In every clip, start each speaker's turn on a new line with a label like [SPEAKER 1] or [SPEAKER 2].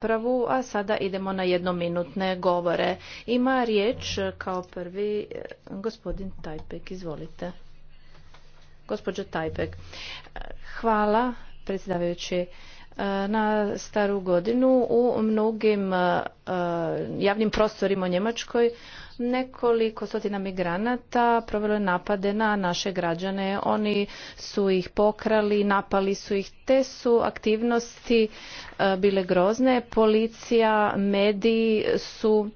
[SPEAKER 1] raspravu, a sada idemo na jednominutne govore. Ima riječ kao prvi eh, gospodin Tajpek, izvolite. Gospođo Tajpek, eh, hvala predsjedavajući eh, na staru godinu u mnogim javnim prostorima u Njemačkoj Nekoliko stotina migranata provjelo je napade na naše građane. Oni su ih pokrali, napali su ih. Te su aktivnosti e, bile grozne. Policija, mediji su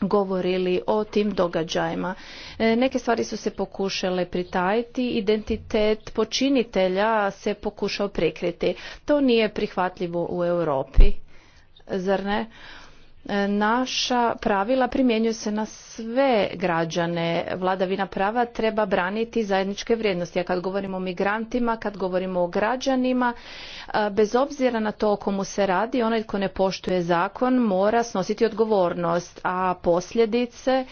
[SPEAKER 1] govorili o tim događajima. E, neke stvari su se pokušale pritajiti, identitet počinitelja se pokušao prikriti. To nije prihvatljivo u Europi, zar ne? E, naša pravila primjenjuju se na sve građane. Vladavina prava treba braniti zajedničke vrijednosti. A kad govorimo o migrantima, kad govorimo o građanima, e, bez obzira na to o komu se radi, onaj tko ne poštuje zakon mora snositi odgovornost, a posljedice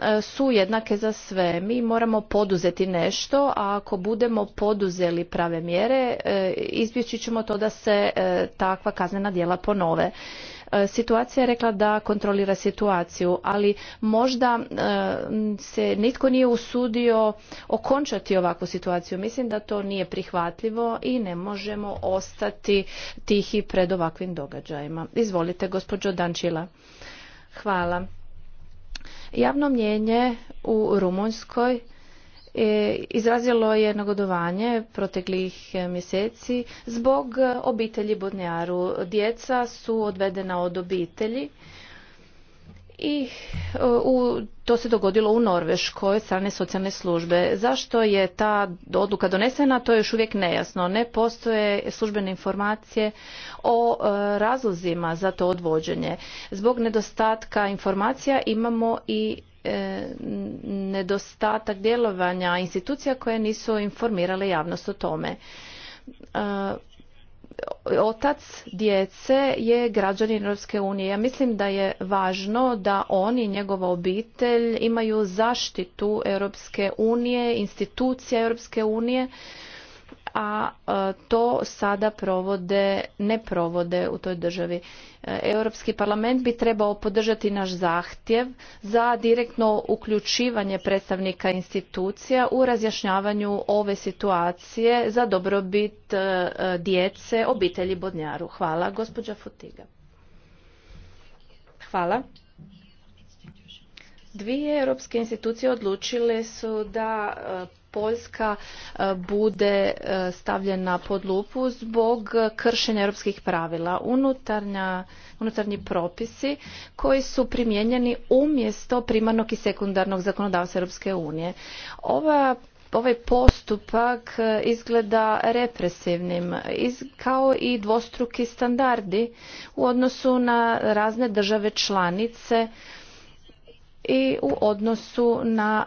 [SPEAKER 1] e, su jednake za sve. Mi moramo poduzeti nešto, a ako budemo poduzeli prave mjere, izbjeći ćemo to da se takva kaznena djela ponove. E, situacija je rekla da kontrolira situaciju, ali možda e, se nitko nije usudio okončati ovakvu situaciju. Mislim da to nije prihvatljivo i ne možemo ostati tihi pred ovakvim događajima. Izvolite, gospođo Dančila. Hvala. Javno mnjenje u Rumunjskoj E, izrazilo je nagodovanje proteklih e, mjeseci zbog e, obitelji Bodnjaru. Djeca su odvedena od obitelji i u, to se dogodilo u Norveškoj strane socijalne službe. Zašto je ta odluka donesena, to je još uvijek nejasno. Ne postoje službene informacije o razlozima za to odvođenje. Zbog nedostatka informacija imamo i E, nedostatak djelovanja institucija koje nisu informirale javnost o tome. E, otac djece je građanin Europske unije. Ja mislim da je važno da oni i njegova obitelj imaju zaštitu Europske unije, institucija Europske unije a e, to sada provode, ne provode u toj državi. E, Europski parlament bi trebao podržati naš zahtjev za direktno uključivanje predstavnika institucija u razjašnjavanju ove situacije za dobrobit e, djece, obitelji Bodnjaru. Hvala, gospođa Futiga. Hvala. Dvije europske institucije odlučile su da Poljska e, bude e, stavljena pod lupu zbog kršenja europskih pravila. Unutarnja, unutarnji propisi koji su primijenjeni umjesto primarnog i sekundarnog zakonodavstva Europske unije. Ova ovaj postupak e, izgleda represivnim kao i dvostruki standardi u odnosu na razne države članice i u odnosu na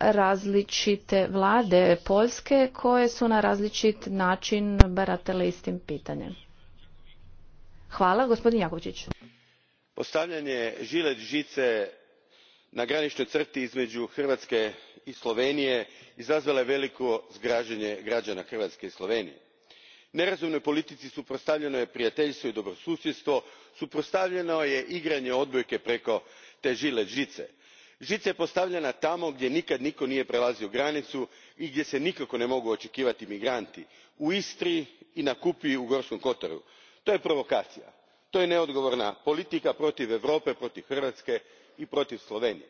[SPEAKER 1] različite vlade Poljske koje su na različit način baratele istim pitanjem. Hvala, gospodin Jakovčić.
[SPEAKER 2] Postavljanje žilet žice na graničnoj crti između Hrvatske i Slovenije izazvalo je veliko zgraženje građana Hrvatske i Slovenije. Nerazumnoj politici suprotstavljeno je prijateljstvo i dobrosusjedstvo, suprostavljeno je igranje odbojke preko te žilet žice žica je postavljena tamo gdje nikad nitko nije prelazio granicu i gdje se nikako ne mogu očekivati migranti u istri i na kupi u gorskom kotaru. to je provokacija to je neodgovorna politika protiv europe protiv hrvatske i protiv slovenije.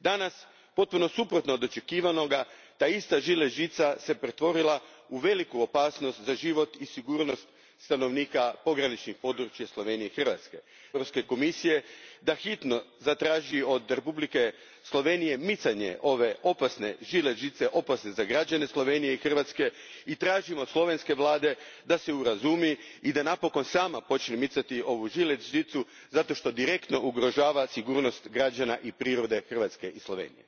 [SPEAKER 2] danas potpuno suprotno od očekivanoga ta ista žilet žica se pretvorila u veliku opasnost za život i sigurnost stanovnika pograničnih područja slovenije i hrvatske europske komisije da hitno zatraži od republike slovenije micanje ove opasne žile žice opasne za građane slovenije i hrvatske i tražimo od slovenske vlade da se urazumi i da napokon sama počne micati ovu žilet žicu zato što direktno ugrožava sigurnost građana i prirode hrvatske i slovenije.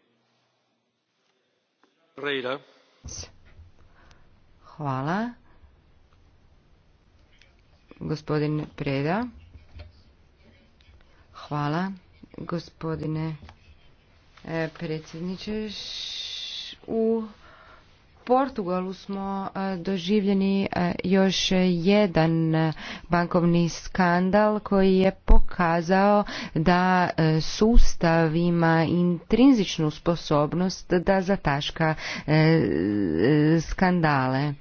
[SPEAKER 3] Gospodin Preda. Hvala, gospodine e, predsjedniče. U Portugalu smo e, doživljeni e, još jedan bankovni skandal koji je pokazao da sustav ima intrinzičnu sposobnost da zataška skandale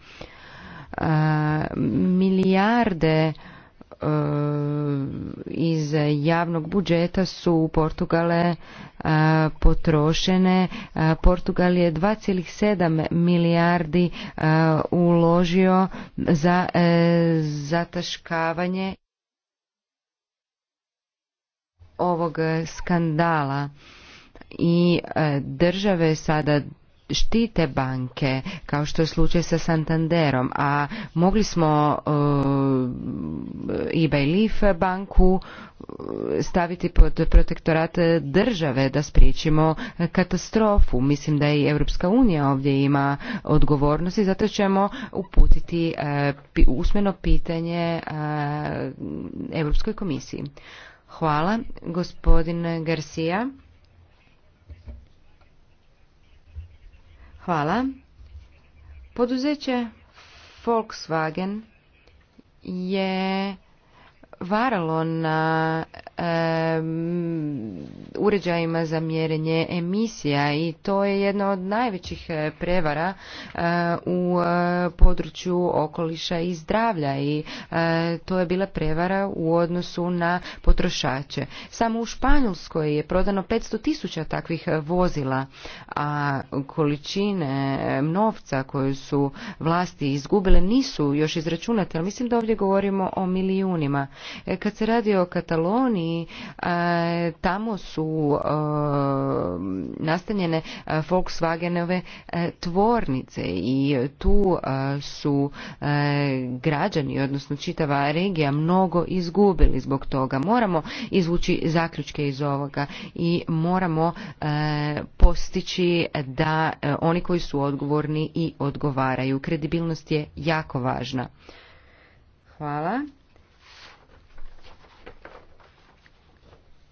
[SPEAKER 3] milijarde e, iz javnog budžeta su u Portugale e, potrošene. E, Portugal je 2,7 milijardi uložio za zataškavanje ovog skandala i države sada štite banke, kao što je slučaj sa Santanderom, a mogli smo e, eBay Leaf banku e, staviti pod protektorat države da spriječimo katastrofu. Mislim da i Europska unija ovdje ima odgovornost i zato ćemo uputiti e, usmeno pitanje Europskoj komisiji. Hvala, gospodin Garcia. Hvala. Poduzeće Volkswagen je varalo na uređajima za mjerenje emisija i to je jedna od najvećih e, prevara e, u e, području okoliša i zdravlja i to je bila prevara u odnosu na potrošače. Samo u Španjolskoj je prodano 500 tisuća takvih vozila, a količine novca koje su vlasti izgubile nisu još izračunate, ali mislim da ovdje govorimo o milijunima. Kad se radi o Kataloniji, e, tamo su e, nastanjene e, Volkswagenove tvornice i tu su građani, odnosno čitava regija, mnogo izgubili zbog toga. Moramo izvući zaključke iz ovoga i moramo postići da oni koji su odgovorni i odgovaraju. Kredibilnost je jako važna. Hvala.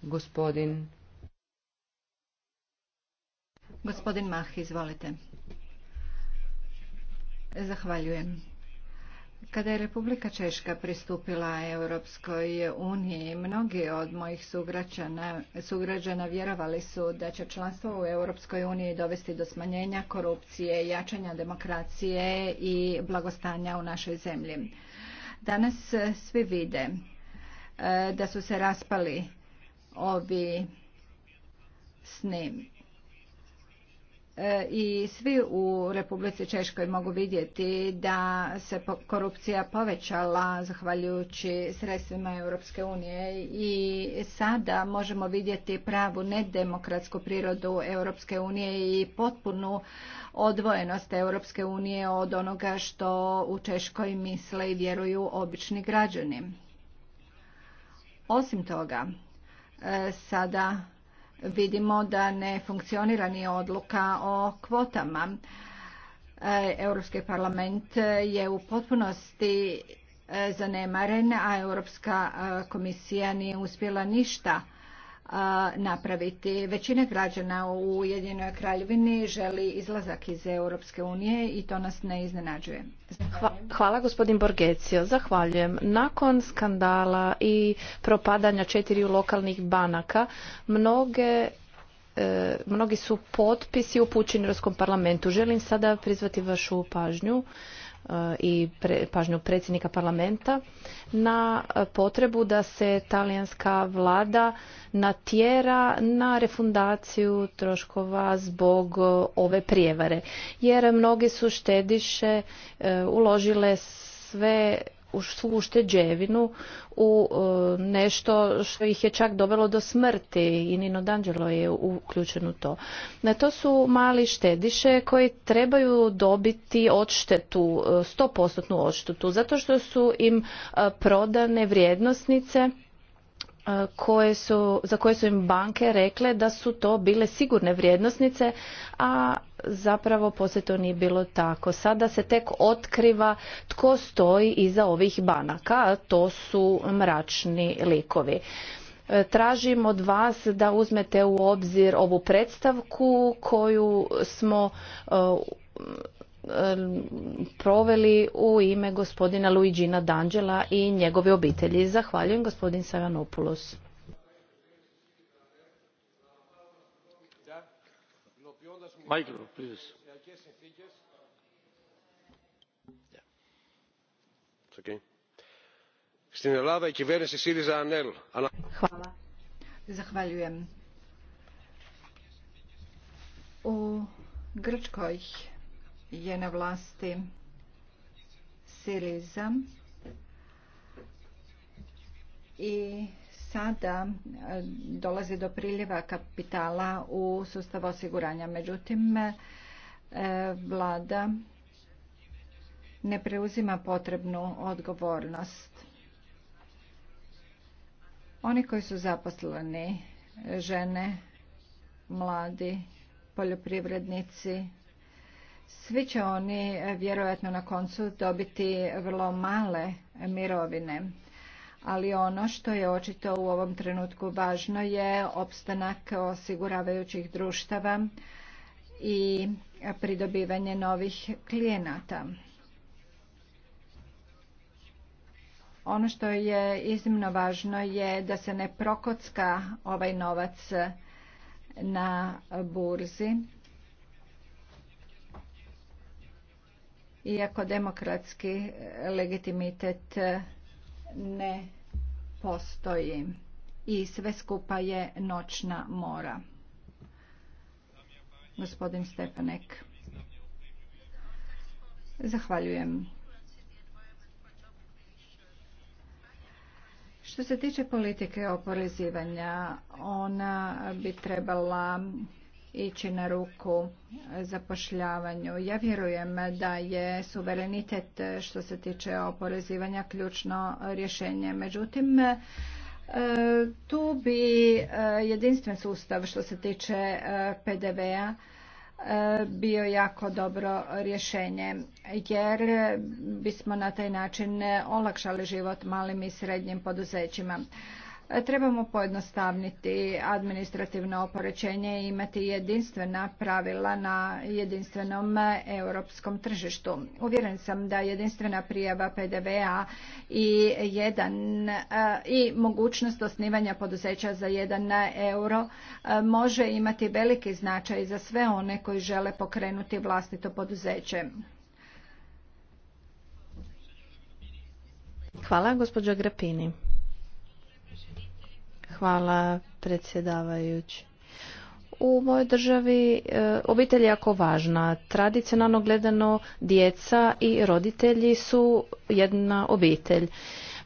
[SPEAKER 3] Gospodin
[SPEAKER 4] Gospodin Mah, izvolite. Zahvaljujem. Kada je Republika Češka pristupila Europskoj uniji, mnogi od mojih sugrađana, sugrađana vjerovali su da će članstvo u Europskoj uniji dovesti do smanjenja korupcije, jačanja demokracije i blagostanja u našoj zemlji. Danas svi vide e, da su se raspali ovi snim. E, I svi u Republici Češkoj mogu vidjeti da se korupcija povećala zahvaljujući sredstvima Europske unije i sada možemo vidjeti pravu nedemokratsku prirodu Europske unije i potpunu odvojenost Europske unije od onoga što u Češkoj misle i vjeruju obični građani. Osim toga, sada vidimo da ne funkcionira ni odluka o kvotama. Europski parlament je u potpunosti e, zanemaren, a Europska e, komisija nije uspjela ništa napraviti. Većina građana u Jedinoj kraljevini želi izlazak iz Europske unije i to nas ne iznenađuje.
[SPEAKER 1] Hvala, gospodin Borgecio. Zahvaljujem. Nakon skandala i propadanja četiri lokalnih banaka, mnoge e, Mnogi su potpisi upućeni u Europskom parlamentu. Želim sada prizvati vašu pažnju i pažnju predsjednika parlamenta na potrebu da se talijanska vlada natjera na refundaciju troškova zbog e, ove prijevare jer mnogi su štediše e, uložile sve svu ušteđevinu u e, nešto što ih je čak dovelo do smrti i Nino D'Angelo je uključeno u to. Na e, to su mali štediše koji trebaju dobiti odštetu, 100% e, odštetu, zato što su im prodane vrijednosnice E, za koje su im banke rekle da su to bile sigurne vrijednosnice, a zapravo poslije to nije bilo tako. Sada se tek otkriva tko stoji iza ovih banaka, a to su mračni likovi. E, tražim od vas da uzmete u obzir ovu predstavku koju smo e, proveli u ime gospodina Luigina Danđela i njegove obitelji. Zahvaljujem gospodin Sajanopoulos.
[SPEAKER 2] Hvala.
[SPEAKER 4] Zahvaljujem. U Grčkoj je na vlasti Siriza i sada e, dolazi do priljeva kapitala u sustav osiguranja. Međutim, e, vlada ne preuzima potrebnu odgovornost. Oni koji su zaposleni, žene, mladi, poljoprivrednici, svi će oni e, vjerojatno na koncu dobiti vrlo male mirovine ali ono što je očito u ovom trenutku važno je opstanak osiguravajućih društava i pridobivanje novih klijenata. Ono što je iznimno važno je da se ne prokocka ovaj novac na burzi iako demokratski legitimitet ne postoji i sve skupa je noćna mora. Gospodin Stepanek. Zahvaljujem. Što se tiče politike oporezivanja, ona bi trebala ići na ruku zapošljavanju. Ja vjerujem da je suverenitet što se tiče oporezivanja ključno rješenje. Međutim, e, tu bi e, jedinstven sustav što se tiče e, PDV-a bio jako dobro rješenje jer bismo na taj način olakšali život malim i srednjim poduzećima. Trebamo pojednostavniti administrativno oporećenje i imati jedinstvena pravila na jedinstvenom europskom tržištu. Uvjeren sam da jedinstvena prijava PDV-a i, jedan, e, i mogućnost osnivanja poduzeća za jedan euro e, može imati veliki značaj za sve one koji žele pokrenuti vlastito poduzeće.
[SPEAKER 1] Hvala, gospođo Grapini. Hvala predsjedavajući. U mojoj državi e, obitelj je jako važna. Tradicionalno gledano djeca i roditelji su jedna obitelj.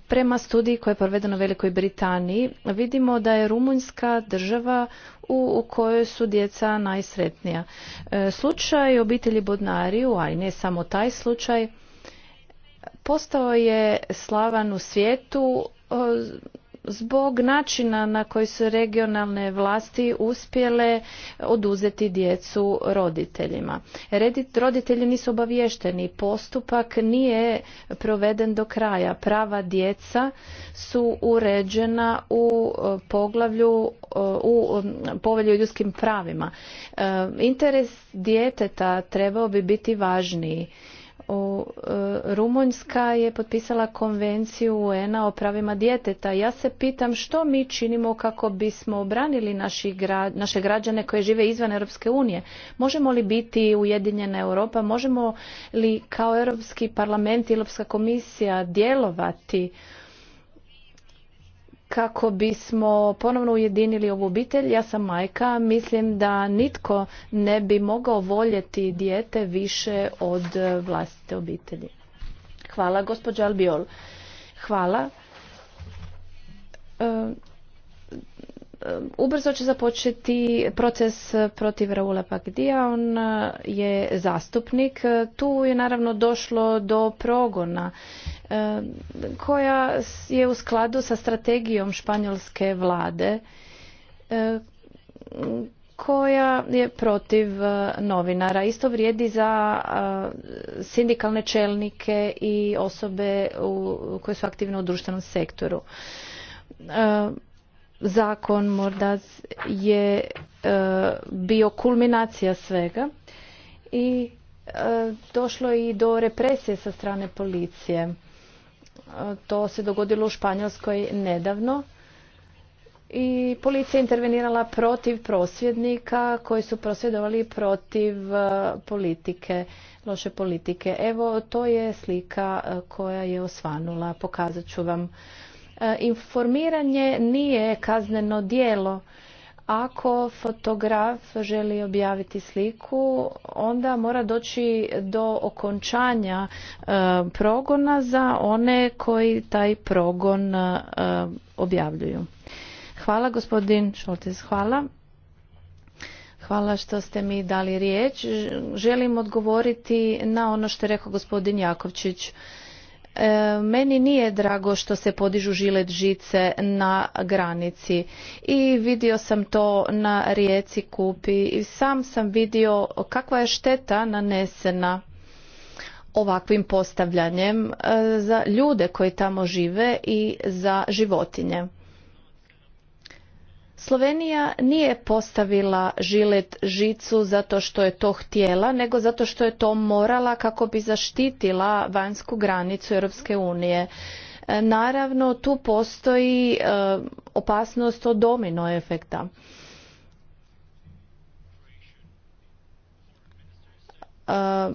[SPEAKER 1] Prema studiji koja je provedena u Velikoj Britaniji vidimo da je Rumunjska država u kojoj su djeca najsretnija. E, slučaj obitelji Bodnariju, a i ne samo taj slučaj, postao je slavan u svijetu e, zbog načina na koji su regionalne vlasti uspjele oduzeti djecu roditeljima. Roditelji nisu obaviješteni, postupak nije proveden do kraja. Prava djeca su uređena u e, poglavlju e, u e, povelju ljudskim pravima. Interes djeteta trebao bi biti važniji u e, Rumunjska je potpisala konvenciju UN-a o pravima djeteta. Ja se pitam što mi činimo kako bismo obranili naše građane koje žive izvan Europske unije. Možemo li biti Ujedinjena Europa? Možemo li kao Europski parlament i Europska komisija djelovati kako bismo ponovno ujedinili ovu obitelj. Ja sam majka, mislim da nitko ne bi mogao voljeti dijete više od vlastite obitelji. Hvala, gospođa Albiol. Hvala. E, Um, ubrzo će započeti proces protiv Raula Pagdija, on uh, je zastupnik. Tu je naravno došlo do progona um, koja je u skladu sa strategijom španjolske vlade um, koja je protiv uh, novinara. Isto vrijedi za uh, sindikalne čelnike i osobe koje su aktivne u društvenom sektoru zakon morda je e, bio kulminacija svega i e, došlo je i do represije sa strane policije. E, to se dogodilo u Španjolskoj nedavno i policija je intervenirala protiv prosvjednika koji su prosvjedovali protiv politike, loše politike. Evo, to je slika koja je osvanula. Pokazat ću vam E, informiranje nije kazneno djelo. Ako fotograf želi objaviti sliku, onda mora doći do okončanja e, progona za one koji taj progon e, objavljuju. Hvala gospodin Šoltes, hvala. Hvala što ste mi dali riječ. Želim odgovoriti na ono što je rekao gospodin Jakovčić. E, meni nije drago što se podižu žilet žice na granici i vidio sam to na rijeci Kupi i sam sam vidio kakva je šteta nanesena ovakvim postavljanjem e, za ljude koji tamo žive i za životinje. Slovenija nije postavila žilet žicu zato što je to htjela, nego zato što je to morala kako bi zaštitila vanjsku granicu Europske unije. E, naravno, tu postoji e, opasnost od domino efekta. E,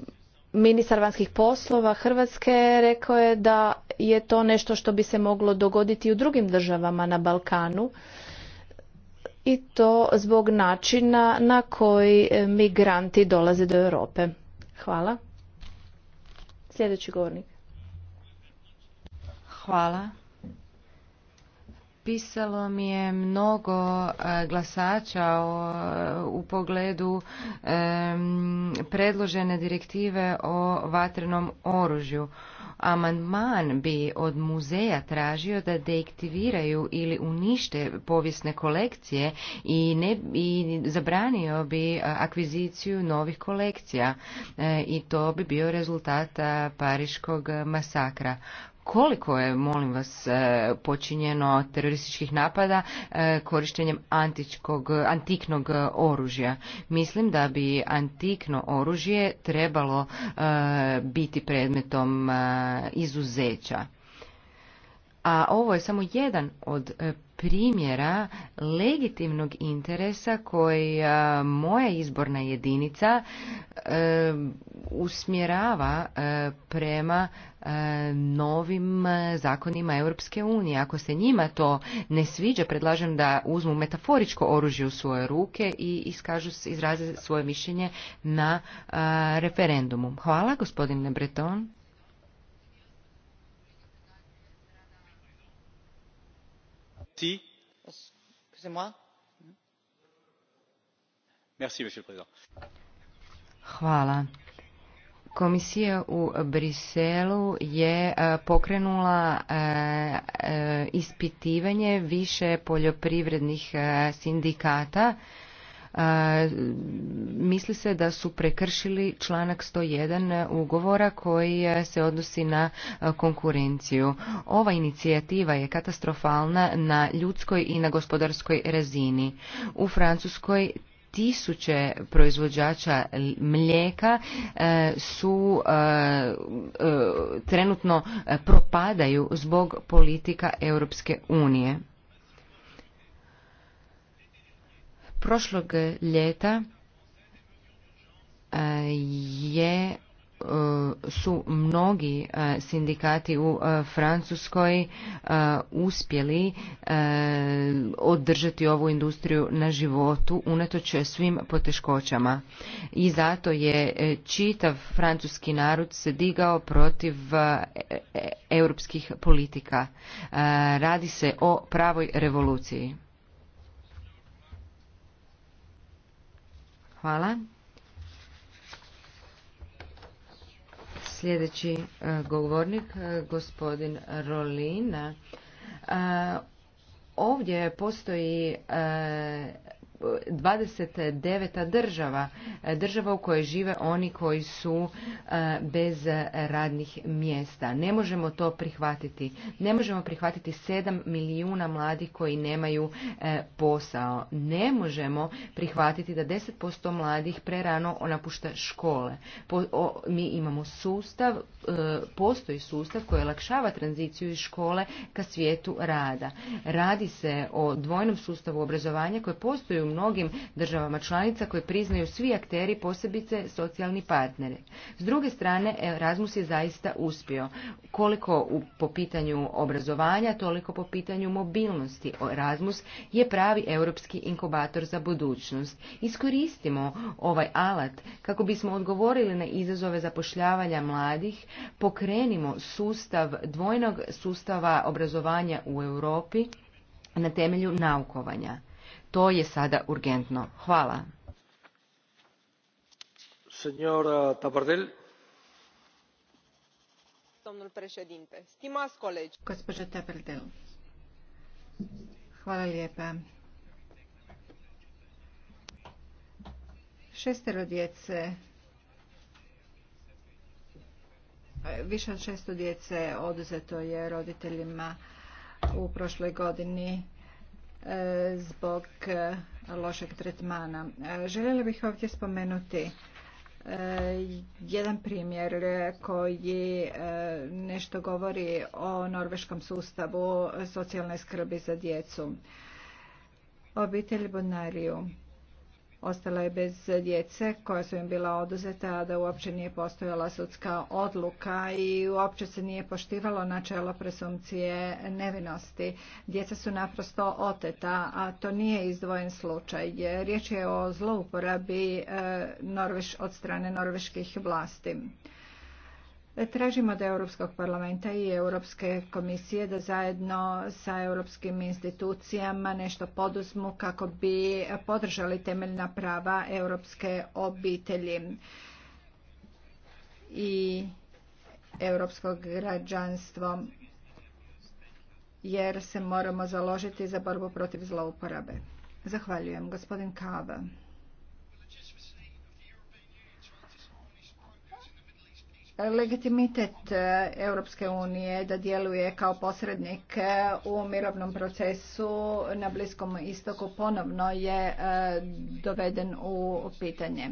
[SPEAKER 1] ministar vanjskih poslova Hrvatske rekao je da je to nešto što bi se moglo dogoditi u drugim državama na Balkanu i to zbog načina na koji e, migranti dolaze do Europe. Hvala. Sljedeći govornik. Hvala. Pisalo
[SPEAKER 3] mi je mnogo e, glasača u pogledu predložene direktive o vatrenom oružju. Amandman bi od muzeja tražio da deaktiviraju ili unište povijesne kolekcije i, ne, i zabranio bi akviziciju novih kolekcija e, i to bi bio rezultat pariškog masakra koliko je, molim vas, e, počinjeno terorističkih napada e, korištenjem antičkog, antiknog oružja. Mislim da bi antikno oružje trebalo e, biti predmetom izuzeća a ovo je samo jedan od e, primjera legitimnog interesa koji e, moja izborna jedinica e, usmjerava prema novim zakonima Europske unije. Ako se njima to ne sviđa, predlažem da uzmu metaforičko oružje u svoje ruke i iskažu, izraze svoje mišljenje na referendumu. Hvala, gospodine Breton. Hvala. Komisija u Briselu je e, pokrenula e, e, ispitivanje više poljoprivrednih sindikata misli se da su prekršili članak 101 ugovora koji se odnosi na konkurenciju. Ova inicijativa je katastrofalna na ljudskoj i na gospodarskoj razini. U Francuskoj tisuće proizvođača mlijeka su trenutno propadaju zbog politika Europske unije. Prošlog ljeta e, je e, su mnogi e, sindikati u Francuskoj uspjeli održati ovu industriju na životu unatoč svim poteškoćama. I zato je čitav francuski narod se digao protiv europskih politika. Radi se o pravoj revoluciji. Hvala. Sljedeći e, govornik, e, gospodin Rolina. E, ovdje postoji 29 država, država u kojoj žive oni koji su e, bez radnih mjesta. Ne možemo to prihvatiti. Ne možemo prihvatiti 7 milijuna mladih koji nemaju e, posao. Ne možemo prihvatiti da 10% mladih prerano napušta škole. Mi imamo sustav, e, postoji sustav koji olakšava tranziciju iz škole ka svijetu rada. Radi se o dvojnom sustavu obrazovanja koje postoji u mnogim državama članica koje priznaju svi akteri, posebice socijalni partneri. S druge strane, Erasmus je zaista uspio. Koliko u, po pitanju obrazovanja, toliko po pitanju mobilnosti. Erasmus je pravi europski inkubator za budućnost. Iskoristimo ovaj alat kako bismo odgovorili na izazove zapošljavanja mladih, pokrenimo sustav dvojnog sustava obrazovanja u Europi na temelju naukovanja. To je sada urgentno. Hvala.
[SPEAKER 2] Senjora Tabardel.
[SPEAKER 4] Domnul președinte, stimați colegi. Gospođa Tabardel. Hvala lijepa. Šestero djece više od 600 djece oduzeto je roditeljima u prošloj godini E, zbog e, lošeg tretmana. E, željela bih ovdje spomenuti jedan primjer koji nešto govori o norveškom sustavu socijalne skrbi za djecu. Obitelj Bonariju ostala je bez djece koja su im bila oduzeta, a da uopće nije postojala sudska odluka i uopće se nije poštivalo načelo presumpcije nevinosti. Djeca su naprosto oteta, a to nije izdvojen slučaj. Riječ je o zlouporabi eh, od strane norveških vlasti. Tražimo da Europskog parlamenta i Europske komisije da zajedno sa europskim institucijama nešto poduzmu kako bi podržali temeljna prava europske obitelji i europskog građanstvo jer se moramo založiti za borbu protiv zlouporabe. Zahvaljujem. Gospodin Kava. legitimitet e, Europske unije da djeluje kao posrednik e, u mirovnom procesu na Bliskom istoku ponovno je e, doveden u pitanje.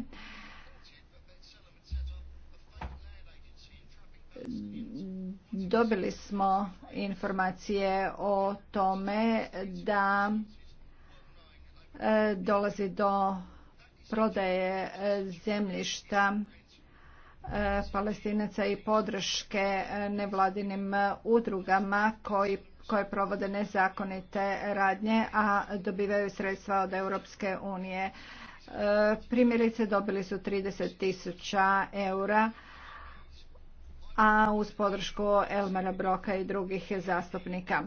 [SPEAKER 4] Dobili smo informacije o tome da dolazi do prodaje zemljišta palestinaca i podrške e, nevladinim e, udrugama koji koje provode nezakonite radnje, a dobivaju sredstva od Europske unije. E, primjerice dobili su 30 tisuća eura, a uz podršku Elmara Broka i drugih zastupnika.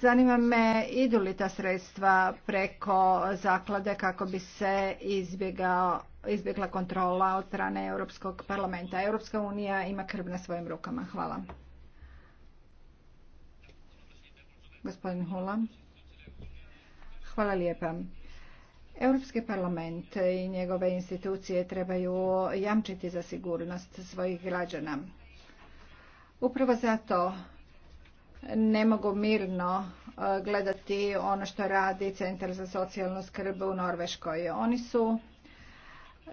[SPEAKER 4] Zanima me idu li ta sredstva preko zaklade kako bi se izbjegao, izbjegla kontrola od strane Europskog parlamenta. Europska unija ima krv na svojim rukama. Hvala. Gospodin Hula. Hvala lijepa. Europski parlament i njegove institucije trebaju jamčiti za sigurnost svojih građana. Upravo zato ne mogu mirno e, gledati ono što radi Centar za socijalnu skrb u Norveškoj. Oni su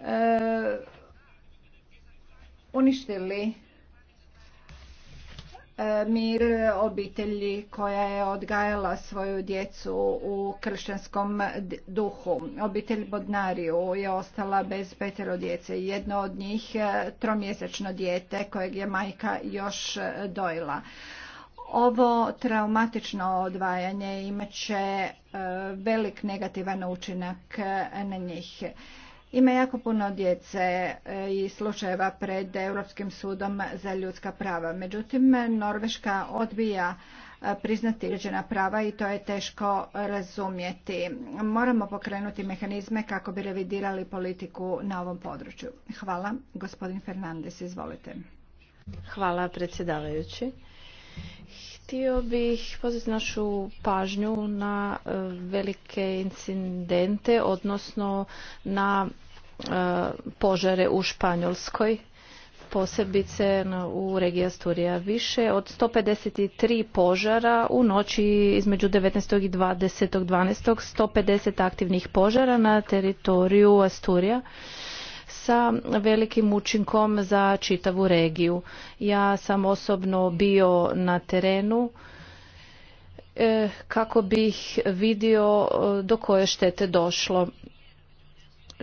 [SPEAKER 4] e, uništili e, mir obitelji koja je odgajala svoju djecu u kršćanskom duhu. Obitelj Bodnariju je ostala bez petero djece. Jedno od njih tromjesečno dijete kojeg je majka još dojela. Ovo traumatično odvajanje imat će e, velik negativan učinak e, na njih. Ima jako puno djece e, i slučajeva pred Europskim sudom za ljudska prava. Međutim, Norveška odbija priznati određena prava i to je teško razumjeti. Moramo pokrenuti mehanizme kako bi revidirali politiku na ovom području. Hvala. Gospodin Fernandez, izvolite. Hvala
[SPEAKER 1] predsjedavajući. Htio bih pozvati našu pažnju na e, velike incidente, odnosno na e, požare u Španjolskoj posebice u regiji Asturija. Više od 153 požara u noći između 19. i 20. 12. 150 aktivnih požara na teritoriju Asturija sa velikim učinkom za čitavu regiju. Ja sam osobno bio na terenu e, kako bih vidio e, do koje štete došlo.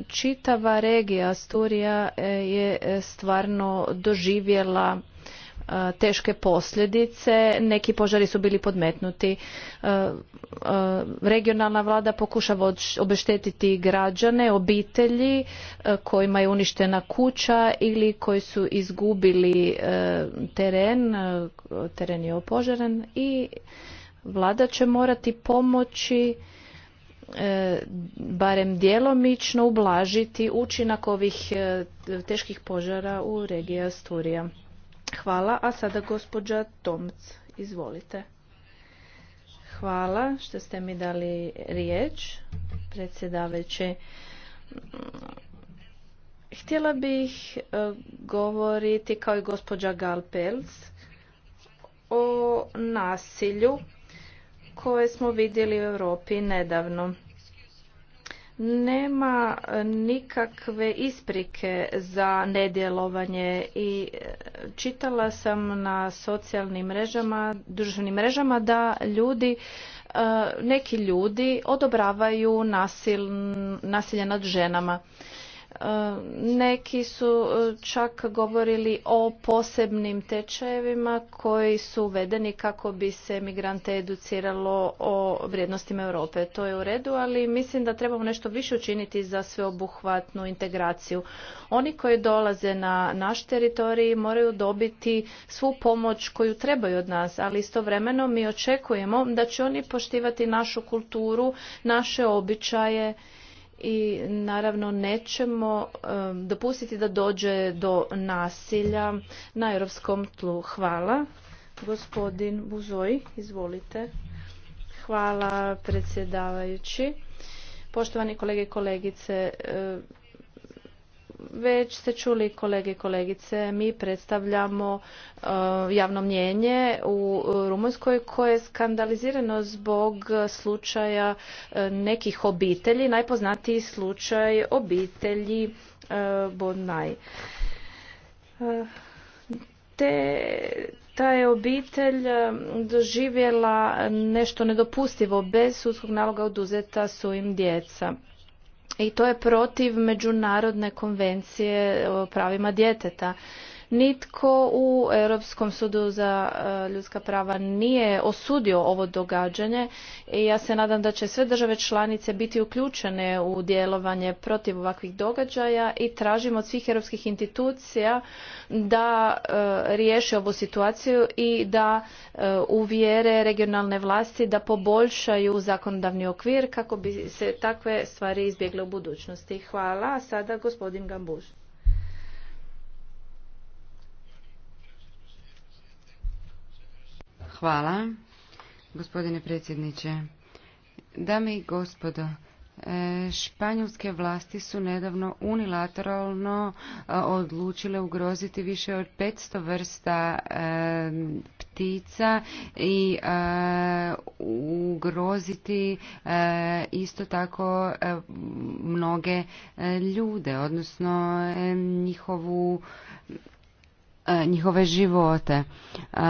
[SPEAKER 1] Čitava regija Asturija e, je stvarno doživjela teške posljedice. Neki požari su bili podmetnuti. Regionalna vlada pokušava obeštetiti građane, obitelji kojima je uništena kuća ili koji su izgubili teren, teren je opožaren i vlada će morati pomoći e, barem djelomično ublažiti učinak ovih e, teških požara u regiji Asturija. Hvala, a sada gospođa Tomc, izvolite. Hvala što ste mi dali riječ, predsjedavajući. Htjela bih e, govoriti kao i gospođa Galpels o nasilju koje smo vidjeli u Europi nedavno nema e, nikakve isprike za nedjelovanje i e, čitala sam na socijalnim mrežama, društvenim mrežama da ljudi e, neki ljudi odobravaju nasilje nad ženama. E, neki su e, čak govorili o posebnim tečajevima koji su uvedeni kako bi se migrante educiralo o vrijednostima Europe. To je u redu, ali mislim da trebamo nešto više učiniti za sveobuhvatnu integraciju. Oni koji dolaze na naš teritorij moraju dobiti svu pomoć koju trebaju od nas, ali istovremeno mi očekujemo da će oni poštivati našu kulturu, naše običaje i naravno nećemo dopustiti da dođe do nasilja na europskom tlu. Hvala. Gospodin Buzoj, izvolite. Hvala predsjedavajući. Poštovani kolege i kolegice, već ste čuli kolege i kolegice, mi predstavljamo e, javno mnjenje u Rumunjskoj koje je skandalizirano zbog slučaja e, nekih obitelji, najpoznatiji slučaj obitelji e, Bonaj. Te, ta je obitelj doživjela nešto nedopustivo, bez sudskog naloga oduzeta su im djeca i to je protiv međunarodne konvencije o pravima djeteta Nitko u Europskom sudu za e, ljudska prava nije osudio ovo događanje i ja se nadam da će sve države članice biti uključene u djelovanje protiv ovakvih događaja i tražimo od svih europskih institucija da e, riješe ovu situaciju i da e, uvjere regionalne vlasti da poboljšaju zakonodavni okvir kako bi se takve stvari izbjegle u budućnosti. Hvala. A sada gospodin Gambuš.
[SPEAKER 3] Hvala, gospodine predsjedniče. Dame i gospodo, e, Španjolske vlasti su nedavno unilateralno e, odlučile ugroziti više od 500 vrsta e, ptica i ugroziti isto tako mnoge ljude, odnosno njihovu E, njihove živote. E,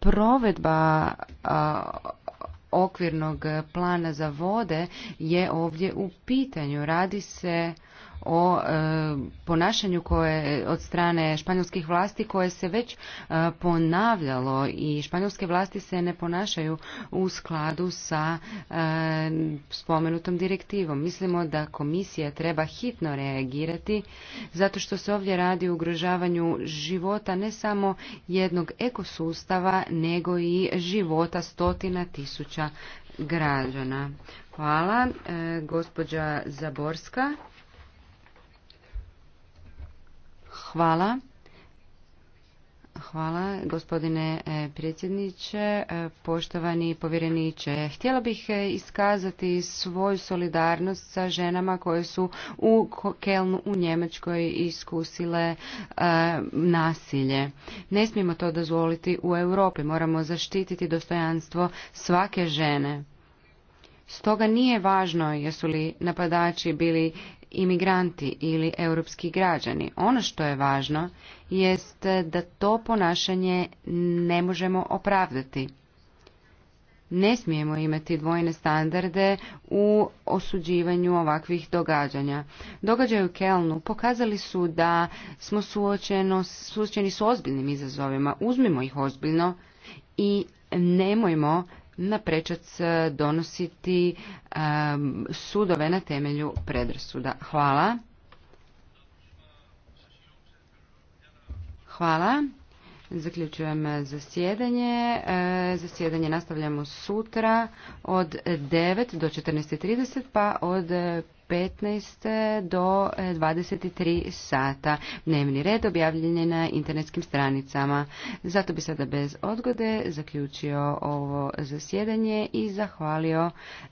[SPEAKER 3] provedba e, okvirnog plana za vode je ovdje u pitanju. Radi se o e, ponašanju koje od strane španjolskih vlasti koje se već e, ponavljalo i španjolske vlasti se ne ponašaju u skladu sa e, spomenutom direktivom. Mislimo da komisija treba hitno reagirati zato što se ovdje radi o ugrožavanju života ne samo jednog ekosustava nego i života stotina tisuća građana. Hvala. gospođa Zaborska. Hvala. Hvala gospodine e, predsjedniče, e, poštovani povjereniče. Htjela bih e, iskazati svoju solidarnost sa ženama koje su u Kelnu u Njemačkoj iskusile nasilje. Ne smijemo to dozvoliti u Europi, moramo zaštititi dostojanstvo svake žene. Stoga nije važno jesu li napadači bili imigranti ili europski građani. Ono što je važno jest da to ponašanje ne možemo opravdati. Ne smijemo imati dvojne standarde u osuđivanju ovakvih događanja. Događaj u Kelnu pokazali su da smo suočeni s ozbiljnim izazovima. Uzmimo ih ozbiljno i nemojmo na prečac e, donositi e, sudove na temelju predrasuda. Hvala. Hvala. Zaključujem zasjedanje. E, zasjedanje nastavljamo sutra od 9 do 14.30 pa od 15 do 23 sata. Dnevni red objavljen je na internetskim stranicama. Zato bi sada bez odgode zaključio ovo zasjedanje i zahvalio